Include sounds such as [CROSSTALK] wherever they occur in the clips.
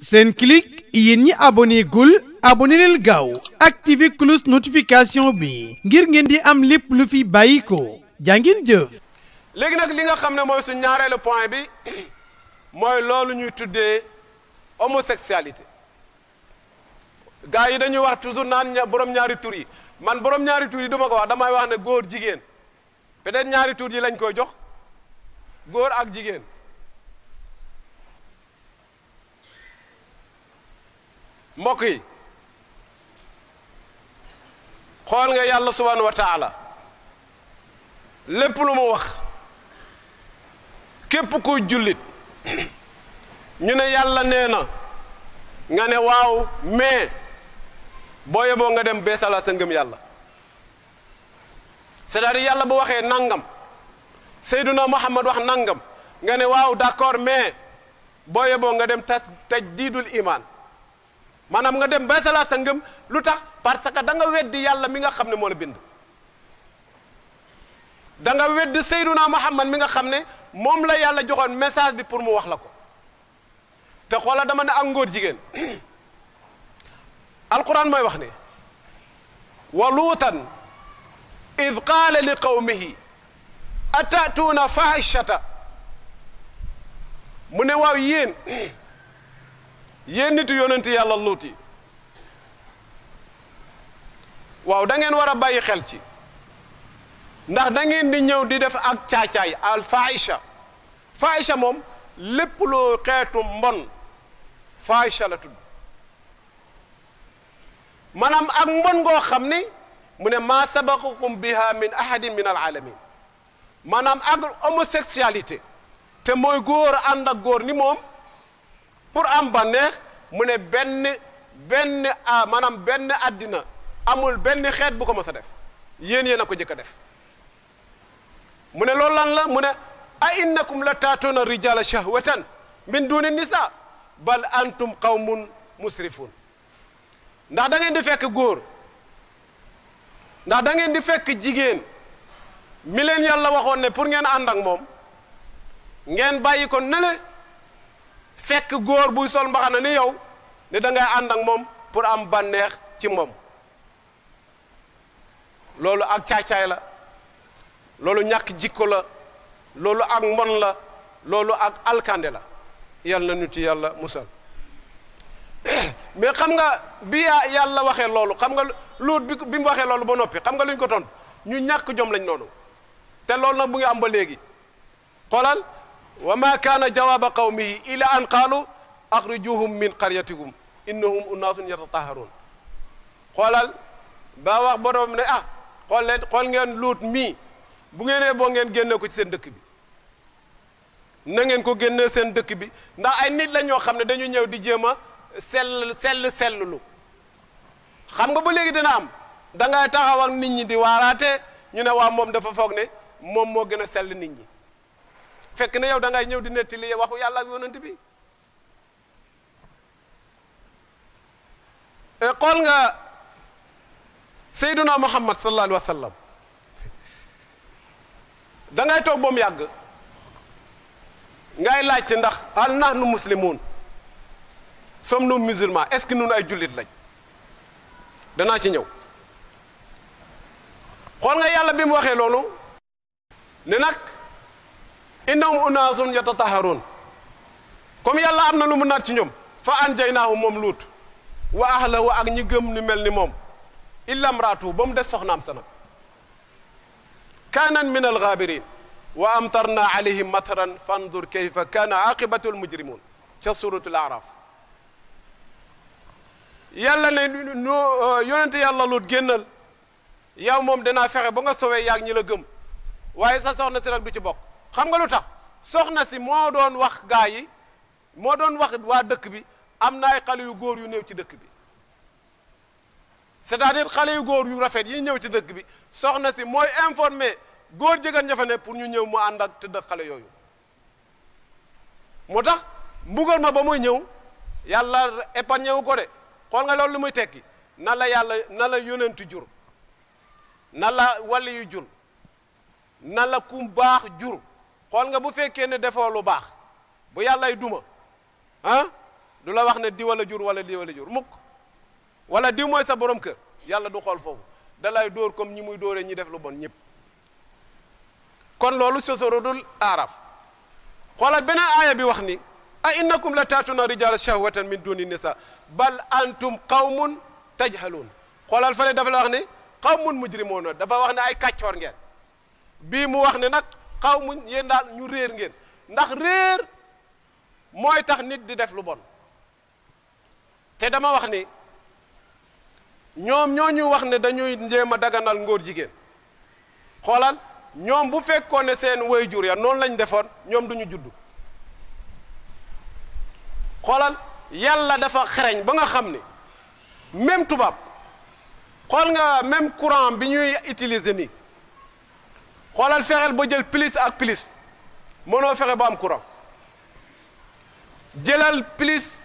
seen Senclic yéen ñi abonné gul abonné leen gaaw activé cloche notification bi ngir ngeen di am lépp lu fi bàyyi ko jàngin jëf. léegi nag li nga xam ne mooy suñ ñaareelu point bi mooy loolu ñuy tuddee homosexualité gars yi dañuy wax toujours naan borom ñaari tur yi man borom ñaari tur yi duma ko wax damay wax ne góor jigéen peut ñaari tur yi lañ koy jox góor ak jigéen. mbokk yi xool nga yàlla subhanahu wa taala lépp lu mu wax képp kuy jullit ñu ne yàlla nee na nga ne waaw mais boo yeboo nga dem beesalaat sa ngëm yàlla cest à yàlla bu waxee nangam Seyduna Muhammad wax nangam nga ne waaw d'accord mais boo yeboo nga dem tas tajdiidul imaan maanaam nga dem bay salaa sa lu tax parce que da nga weddi yàlla mi nga xam ne moo la bind da nga weddi Seyduna Muhammad mi nga xam ne moom la yàlla joxoon message bi pour mu wax la ko te xoola dama ne ak ngóor jigéen [COUGHS] alquran mooy wax ne wa luutan id qaala li qawmihi atatuuna fahishata mu ne waaw yéen yéen ti yonenti yàlla luut waaw dangeen ngeen war a bàyyi xel ci ndax dangeen ngeen di ñëw di def ak caacaay al faisha faisha moom lépp loo xeetu mbon faisha la tudd maanaam ak mbon goo xam ni mu ne maa sabaqukum biha min ahadin min al alamin maanaam ak homosexualité te mooy góor ànd ak góor ni moom pour am bànneex mu ne benn benn a maanaam benn àddina amul benn xeet bu ko mës a def yéen yéen a ko jëkk a def mu ne loolu lan la mu ne a innakum la taatuna rijala shahwatan min duni nisa bal antum mu musrifun ndax da ngeen di fekk góor ndax da ngeen di fekk jigéen mi leen yàlla waxoon ne pour ngeen ànd ak moom ngeen bàyyi ko nele fekk góor buy sol mbaxana ni yow ne da ngay ànd ak moom pour am bànneex ci moom loolu ak caay la loolu ñàkk jikko la loolu ak mbon la loolu ak alkande la yàlla na ñu ci yàlla musal mais xam nga bi yàlla waxee loolu xam nga luut bi bi mu waxee loolu ba noppi xam nga lu ko toon ñu ñàkk jom lañ noonu te loolu nag bu ngi am ba léegi xoolal wa ma kaana jawaaba qawmihi ila an qaalu axrijuhum min qaryatikum innahum unnaasun yatataharuun xoolal ba wax borom ne ah xool leen xool ngeen luut mii bu ngeenee boo ngeen génne ko ci seen dëkk bi na ngeen ko génne seen dëkk bi ndax ay nit la ñoo xam ne dañu ñëw di jéem a sel sell sellulu xam nga ba léegi dina am da taxawal nit ñi di waaraate ñu ne waa moom dafa foog ne moom moo gën a sell nit ñi fekk na yow dangay ñëw di nettali waxu yàlla ak bi eh, xool nga Seyduna Muhammad sallallahu alayhi wa dangay da toog ba mu yàgg ngay laajt ci ndax al nahnu muslimun sommes-nous musulmans est-ce que ñun ay jullit lañ danaa ci ñëw xool nga yàlla bi mu waxee loolu ne innahum unaasun yatataharuun comme yàlla am na lu mu naat ci ñoom fa anjaynaahu moom luut wa ahlahu ak ñi gëm ni mel ni moom illam raatu ba mu des soxnaam sa nag kaanan min alxaabirin wa amtarna alayhim mataran fandur kayfa kaana aqibatu almujrimun ca suratul araf yàlla ne noo yonente yàlla luut génnal yow moom danaa fexe ba nga sowee yaag ñi la gëm waaye sa soxna si nag du ci bokk xam nga lu tax soxna si moo doon wax gaa yi moo doon wax waa dëkk bi am na ay xale yu góor yu new ci dëkk bi c'est-à-dire xale yu góor yu rafet yi ñëw ci dëkk bi soxna si mooy informé góor jigéen ña fa ne pour ñu ñëw mu ànd ak tëdd ak xale yooyu moo tax mbugal ma ba muy ñëw yàlla épargné wu ko de xool nga loolu lu muy tekki na la yàlla na la yonentu jur na la wali yu jur na la ku jur xool nga bu fekkee ne defoo lu baax bu yàllay duma ah du la wax ne di wala jur wala di jur mukk wala diw mooy sa borom kër yàlla du xool foofu dalay dóor comme ñi muy dóoree ñi def lu bon ñëpp kon loolu sosorodul aaraf xoolal beneen aaya bi wax ni a innakum la taatuna rijala shahwatan min duni nisa bal antum qawmun tajhaluun xoolal fale dafa la wax ni qawmun mujrimoon dafa wax ne ay kàccoor ngeen bii mu wax ne nag xaw muñ yéen daal ñu réer ngeen ndax réer mooy tax nit di def lu bon te dama wax ni ñoom ñoo ñu wax ne dañuy njéem a daganal ngóor jigéen xoolal ñoom bu fekkoon ne seen waajur ya noonu lañ defoon ñoom duñu judd xoolal yàlla dafa xereñ ba nga xam ni même tubaab xool nga même courant bi ñuy utiliser nii xoolal fexeel ba jël plus ak plus noo fexe ba am courant jëlal plus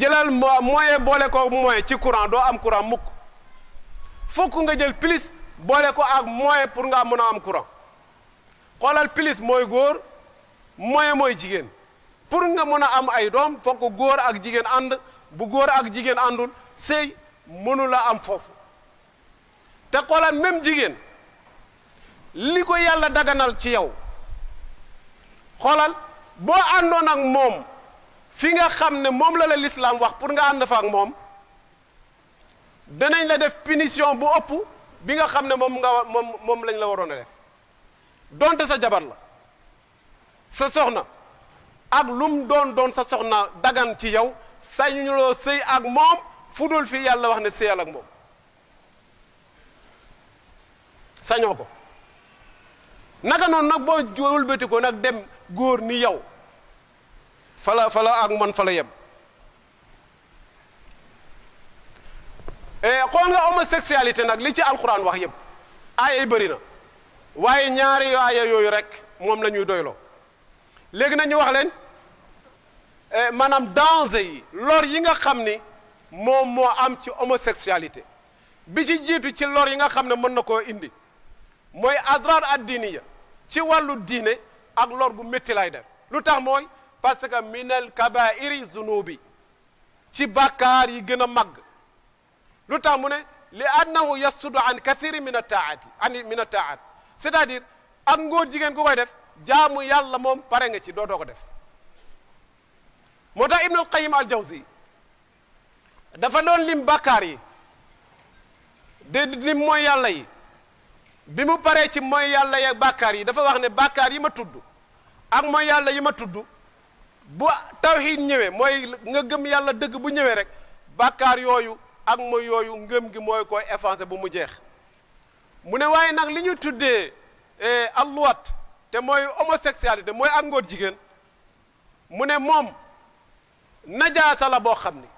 jëlal moyen boole ko moyen ci courant doo am courant mukk fokk nga jël plus boole ko ak moyen pour nga mën a am courant xoolal plus mooy góor moyen mooy jigéen pour nga mën a am ay doom fokk góor ak jigéen ànd bu góor ak jigéen àndul sëy mënu la am foofu te xoolal même jigéen li ko yàlla daganal ci yow xoolal boo àndoon ak moom fi nga xam ne moom la la lislaam wax pour nga ànd fa ak moom danañ la def punition bu ëpp bi nga xam ne moom nga moom moom lañ la waroon a def donte sa jabar la sa soxna ak lum doon doon sa soxna dagan ci yow sañu loo sëy ak moom fu dul fi yàlla wax ne sëyal ak moom sañoo ko naka noon nag boo wëlbati ko nag dem góor ni yow fala fala ak man fala yem eh, xool nga homosexualité nag li ci alxuraan wax yëpp aaya yi bëri na waaye ñaari yooyu rek moom lañuy ñuy doyloo léegi nañu wax leen eh, maanaam danger yi lor yi nga xam ni moom moo am ci homosexualité bi ci jiitu ci lor yi nga xam ne mën na koo indi mooy adrar addiniya ci wàllu diine ak lor bu métti lay def lu tax mooy parce que minal kabairi zunubi ci bàkkaar yi gën a màgg lu tax mu ne li annahu yasudu an kathiri min ataati an min ataat c'est-à-dire ak ngóor jigéen ku koy def jaamu yàlla moom pare nga ci doo ko def moo tax ibnul qayim al jawzi dafa doon lim bàkkaar yi de lim mooy yàlla yi bi mu paree ci mooy yàlla yeeg bàkkaar yi dafa wax ne bàkkaar yi ma tudd ak mooy yàlla yi ma tudd bu taw tawxiid ñëwee mooy nga gëm yàlla dëgg bu ñëwee rek bàkkaar yooyu ak mooy yooyu ngëm gi mooy koy effacé bu mu jeex mu ne waaye nag li ñu tuddee eh, alluwat te mooy homosexualité mooy ak ngóor jigéen mu ne moom najaasa la boo xam ne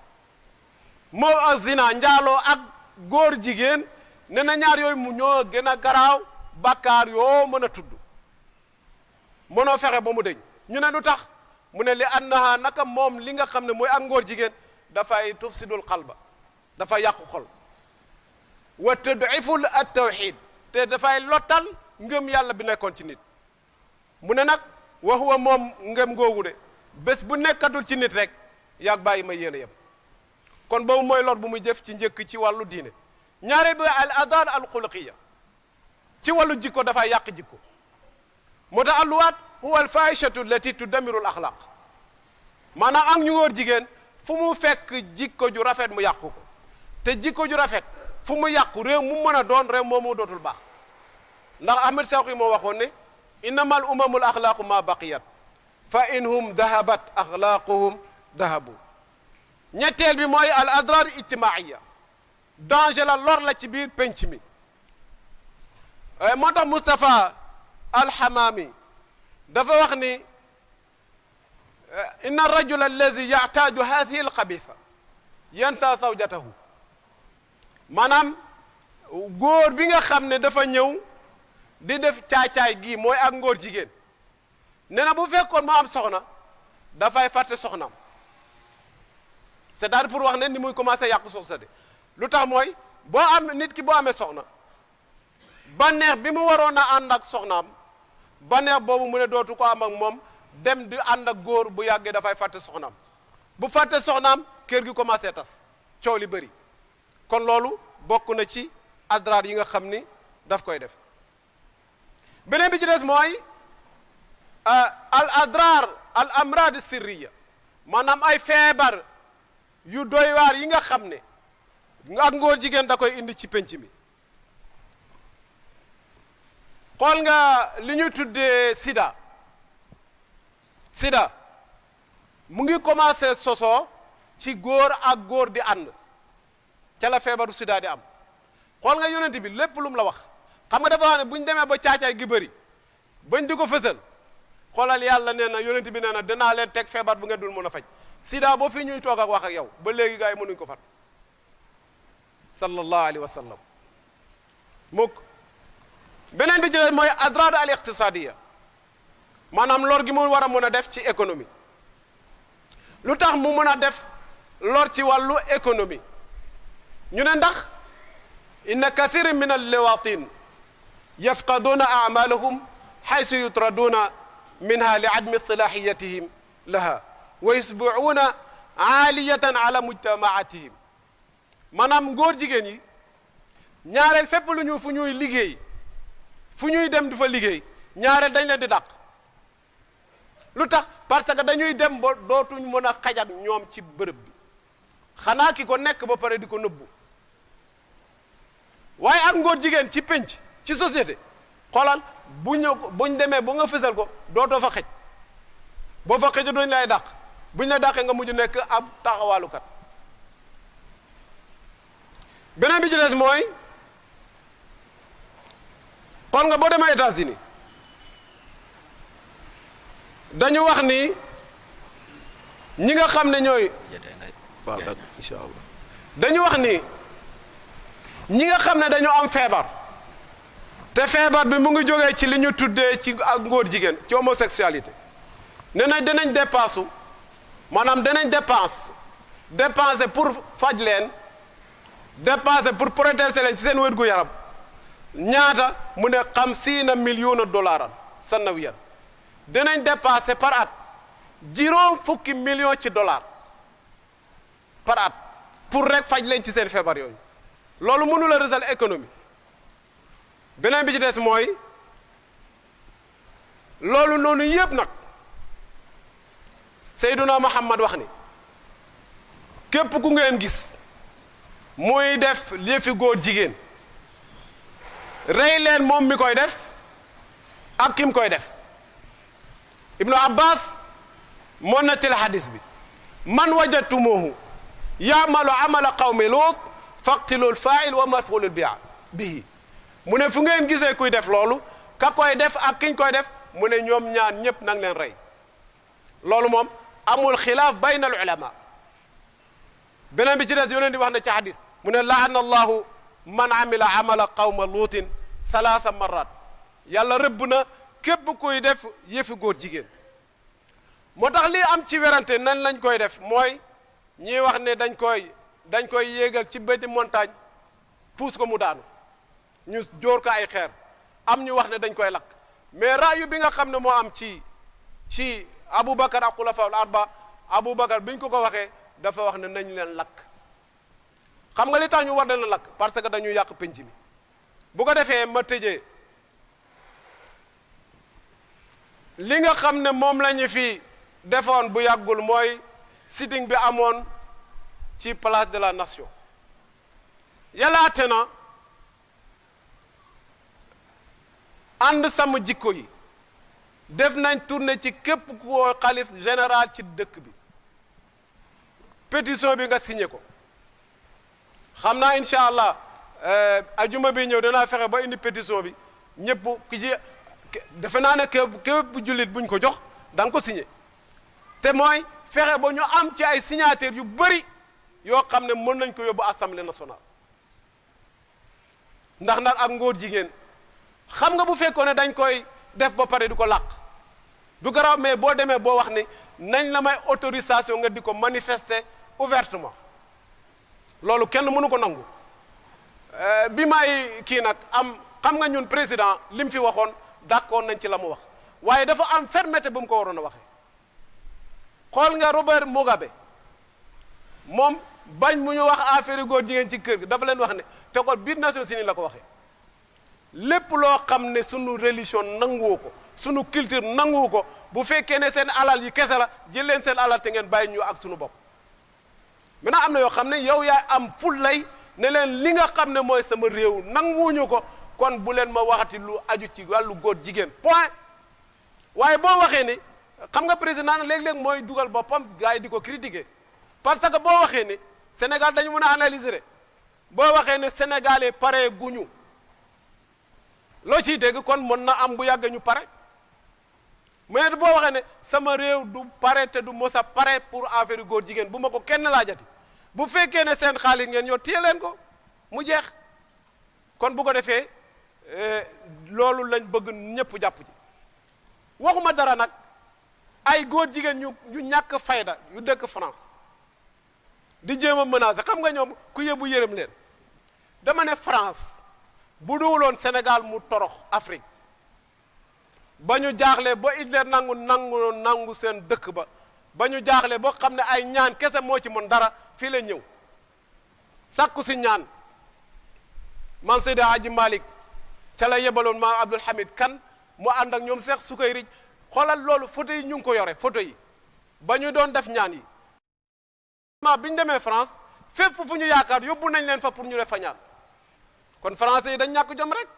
moom ak zina njaaloo ak góor jigéen ne na ñaar yooyu mu ñoo gën a garaaw bàkkaar yoo mën a tudd mënoo fexe ba mu deñ ñu ne lu tax mu ne li annaha naka moom li nga xam ne mooy ak ngóor jigéen dafay tufsidul xalba dafa yàqu xol wa tudiful at tawxid te dafay lottal ngëm yàlla bi nekkoon ci nit mu ne nag wa moom ngëm googu de bés bu nekkatul ci nit rek yàgg bàyyi ma yéen a yem kon boobu mooy lor bu mu jëf ci njëkk ci wàllu diine ñaare ba al adar al xuluqiya ci wàllu jikko dafay yàq jikko moo tax alluwaat huwa al faishatu allati tudamiru al axlaq maanaam ak ñu góor jigéen fu mu fekk jikko ju rafet mu yàqu ko te jikko ju rafet fu mu yàqu réew mu mën a doon réew moomu dootul baax ndax ahmed sawqi mo waxoon ne innama al umamul axlaaqu ma baqiyat fa inhum dahabat axlaaquhum dahabu ñetteel bi mooy al adrar ijtimaiya danger la lor la ci biir penc mi eh, moo tax Moustapha alxamaami dafa wax ni eh, inna arrajula allazi yactaaju hadihi alxabisa yansa zawjatahu maanaam góor bi nga xam ne dafa ñëw di def caay gi mooy ak ngóor jigéen nee na bu fekkoon mu am soxna dafay fàtte soxnaam c'est-à-dire pour wax ne ni muy commencé yàq soxna de lu tax mooy boo am nit ki boo amee soxna banneex bi mu waroon a ànd ak soxnaam banneex boobu mu ne dootu ko am ak moom dem di ànd ak góor bu yàggee dafay fàtte soxnaam bu fàtte soxnaam kër gi commencé tas coow li bëri kon loolu bokk na ci adraar yi nga xam ni daf koy def beneen bi ci des mooy euh, al adrar al amrad sirriya maanaam ay feebar yu doy waar yi nga xam ne ak ngoor jigéen da koy indi ci penc mi xool nga li ñuy tuddee sida sida mu ngi commencé soso ci góor ak góor di ànd ca la feebaru sida di am xool nga yonent bi lépp lu mu la wax xam nga dafa wax ne bu ñu demee ba caacaay gi bëri bañ di ko fësal xoolal yàlla nee na yonent bi nee na danaa leen teg feebar bu ngeen dul mën a faj sida boo fi ñuy toog ak wax ak yow ba léegi gars yi mënuñ ko fat sallallahu alayhi wa sallam mukk beneen bi ci des mooy adrad al iqtisadiya maanaam lor gi mu war a mën a def ci économie lu tax mu mën a def lor ci wàllu économie ñu ne ndax inna kathiran min al liwatin yafqaduna amalahum xaysu yutraduna minha li admi salahiyatihim laha wa yusbiuuna aaliyatan ala mujtamaatihim maanaam ngóor jigéen ñi ñaareel fépp lu ñu fu ñuy liggéey fu ñuy dem di fa liggéey ñaareel dañ la di dàq lu tax parce que dañuy dem ba dootuñ mën a xajag ñoom ci bërëb bi xanaa ki ko nekk ba pare di ko nëbbu waaye ak ngóor jigéen ci pénc ci société xoolal bu ñu buñ demee bu nga fësal ko dootoo fa xej boo fa xëjee dañ lay daq buñ la daqee nga mujj nekk ab taxawaalukat beneen bi ci des mooy xool nga boo demee États-Unis dañu wax ni ñi nga xam ne ñooy waaw dañu wax ni ñi nga xam ne dañu am feebar te feebar bi mu ngi jógee ci li ñu tuddee ci ak ngoor jigéen ci homosexualité nee nañ danañ dépense maanaam danañ dépense dépenser pour faj leen dépensé pour protéger leen ci seen wér gu yaram ñaata mu ne na million dollars sanawiyan dinañ dépensé par at juróom fukki million ci dollar par at pour rek faj leen ci seen feebar yooyu loolu mënu la résoudre beneen bi ci des mooy loolu noonu yëpp nag Seyduna Muhammad wax ni képp ku ngeen gis. muy def yëfi góor jigéen rey leen moom mi koy def ak kim koy def ibnu abbas na nettil xadis bi man wajadtumuhu yaamalu amala qawmi luut faqtilul faa'il wa maf'ulul bihi mu ne fu ngeen gisee kuy def loolu ka koy def ak kiñ koy def mu ne ñoom ñaan ñépp nang leen rey loolu moom amul xilaaf bayna al ulama beneen bi ci des yoneen di wax na ci xadis mu ne laana allahu man amila amala qawma luutin thalaatha marat yàlla rëbb na képp kuy def yëfi góor jigéen moo tax lii am ci werante nan lañ koy def mooy ñiy wax ne dañ koy dañ koy yéegal ci bëti montagne puus ko mu daanu ñu jóor ko ay xeer am ñu wax ne dañ koy lakk mais raayu bi nga xam ne moo am ci ci aboubacar ak xulafaul arba aboubacar bi biñ ko ko waxee dafa wax ne nañ leen lakk xam nga li tax ñu war leen a lakk parce que dañuy yàq penc mi bu ko defee ma tëjee li nga xam ne moom lañu fi defoon bu yàggul mooy sitting bi amoon ci place de la nation yalaate na ànd sama jikko yi def nañ tournée ci képp koo xalif général ci dëkk bi pétition bi nga signé ko xam naa incha allah eh, ajuma bi ñëw danaa fexe ba indi pétition bi ñëpp ki ci defe naa ne képp bu jullit buñ ko jox da nga ko signé te mooy fexe ba ñu am ci ay signataires yu bëri yoo xam ne mën nañ ko yóbbu assemblée nationale ndax ndax ak ngóor jigéen xam nga bu fekkoon ne dañ koy def ba pare di ko làq du garaaw mais boo demee boo wax ni nañ la may autorisation nga di ko manifester ouvertement loolu kenn mënu ko nangu eh, bi may kii nag am xam nga ñun président li mu fi waxoon d'accord nañ ci la mu wax waaye dafa am fermet bu mu ko waroon a waxee xool nga Robert Mugabe moom bañ mu ñu wax affaire góor jigéen ci kër gi dafa leen wax ne te ko biir Nations Unies la ko waxee lépp loo xam ne sunu religion nanguwu ko sunu culture nanguwu ko bu fekkee ne seen alal yi kese la jël leen seen alal te ngeen bàyyi ñu ak sunu bopp. maintenant am na yoo xam ne yow yaay am fullay ne leen li nga xam ne mooy sama réew nanguwuñu ko kon bu leen ma waxati lu aju ci wàllu góor jigéen point waaye boo waxee ni xam nga président léeg-léeg mooy dugal boppam gars yi di ko critiquer parce que boo waxee ni Sénégal dañu mën a analyser boo waxee ne Sénégalais pare guñu loo ciy dégg kon mën na am bu yàgg ñu pare mais boo waxee ne sama réew du pare te du mos a pare pour affaire góor jigéen bu ma ko kenn laajati bu fekkee ne seen xaalis ngeen yor téye leen ko mu jeex kon bu ko defee eh, loolu lañ bëgg ñëpp jàpp ci waxuma dara nag ay góor jigéen ñu ñu ñàkk fayda ñu dëkk France di jéem a menacer xam nga ñoom ku yebbu yërëm leen dama ne France bu duwuloon Sénégal mu torox Afrique ba ñu jaaxle ba Hitler nangu nangu nangu seen dëkk ba ba ñu jaaxle boo xam ne ay ñaan kese moo ci mën dara fii la ñëw sàkku si ñaan man Seydi Hadji Malick ca la yebaloon maam Abdul Hamid kan mu ànd ak ñoom Seex Sukayrij xoolal loolu photo yi ñu ngi ko yore photo yi ba ñu doon def ñaan yi ma bi ñu demee France fépp fu ñu yaakaar yóbbu nañ leen fa pour ñu def fa ñaan kon français yi dañ ñàkk jom rek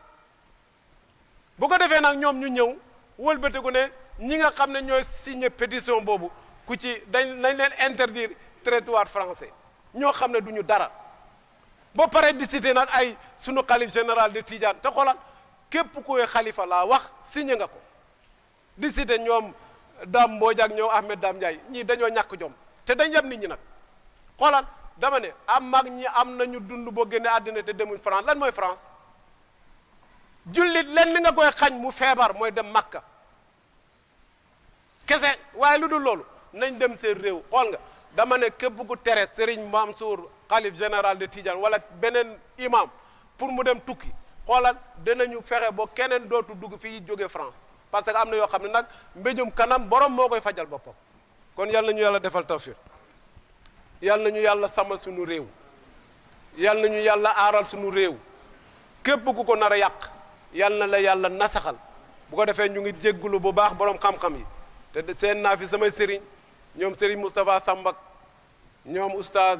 bu ko defee nag ñoom ñu ñëw wëlbatiku ne ñi nga xam ne ñooy signe pétition boobu ku ci dañ nañ leen interdire territoire francais ñoo xam ne du ñu dara ba pare di cité nag ay sunu xalif général de Tidiane te xoolal képp kuy xalifa laa wax signe nga ko di cité ñoom Dame mboojaak ak ñoom Ahmed Dame Ndiaye ñii dañoo ñàkk jom te dañ yem nit ñi nag xoolal dama ne am mag ñi am nañu dund boo génne àddina te demuñ France lan mooy France jullit lenn nga koy xañ mu feebar mooy dem Makka kese waaye lu dul loolu nañ dem seen réew xool nga dama ne képp ku tere Serigne Mansour xalif général de Tidiane wala beneen imam pour mu dem tukki xoolal dinañu fexe ba keneen dootu dugg fii jóge France parce que am na yoo xam ne nag mbéjum kanam borom moo koy fajal boppam kon yal na ñu yàlla defal tawfiq yal na ñu yàlla samal suñu réew yal na ñu yàlla aaral suñu réew képp ku ko nar a yàq. yal na la yàlla nasaxal bu ko defee ñu ngi jéggulu bu baax borom xam-xam yi te seen naa fi samay sëriñ ñoom sëriñ Moustapha Sambak ñoom oustaz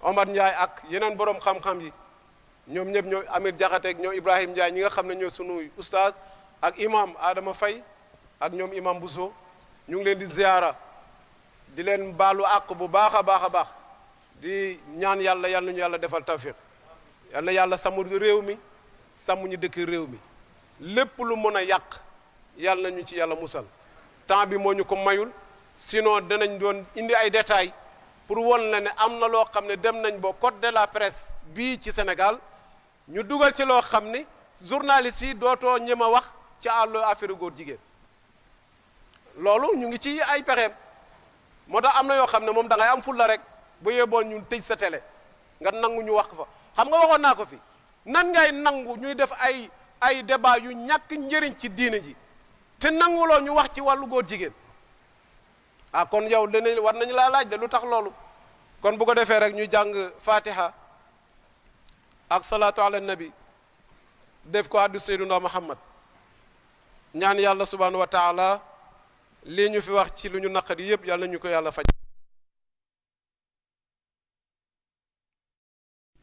Omar Ndiaye ak yeneen borom xam-xam yi ñoom ñëpp ñoo Amir Diakhaté ak ñoo Ibrahim Ndiaye ñi nga xam ne ñoo sunuy oustaz ak imaam Adama fay ak ñoom imam Bousso ñu ngi leen di ziara di leen baalu àq bu baax a baax a baax di ñaan yàlla yàlla ñu yàlla defal tawfiq yàlla yàlla sàmm réew mi sàmm ñu dëkk réew mi lépp lu mën a yàq yàlla ñu ci yàlla musal temps bi moo ñu ko mayul sinon danañ doon indi ay détails pour won la ne am na loo xam ne dem nañ ba code de la presse bii ci senegal ñu dugal ci loo xam ni journalistes yi dootoo ñem a wax ci àllo affaire góor jigéen loolu ñu ngi ci ay pexeem moo tax am na yoo xam ne moom da ngay am fulla rek bu yeboon ñu tëj sa tele nga nangu ñu wax fa xam nga waxoon naa ko fi nan ngay nangu ñuy def ay ay débat yu ñàkk njëriñ ci diine ji te nanguloo ñu wax ci wàllu góor jigéen ah kon yow danañ war nañu laa laaj de lu tax loolu kon bu ko defee rek ñu jàng fatiha ak salaatu ala nabi def ko addu seyduna muhammad ñaan yàlla subhanahu wa taala lii ñu fi wax ci lu ñu naqari yëpp yàlla ñu ko yàlla faj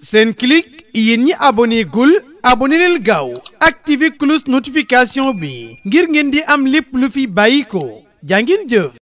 seen Senclic yéen ñi abonné gul abonné leen gaaw activé cloche notification bi ngir ngeen di am lépp lu fi bàyyi ko jaa ngeen jëf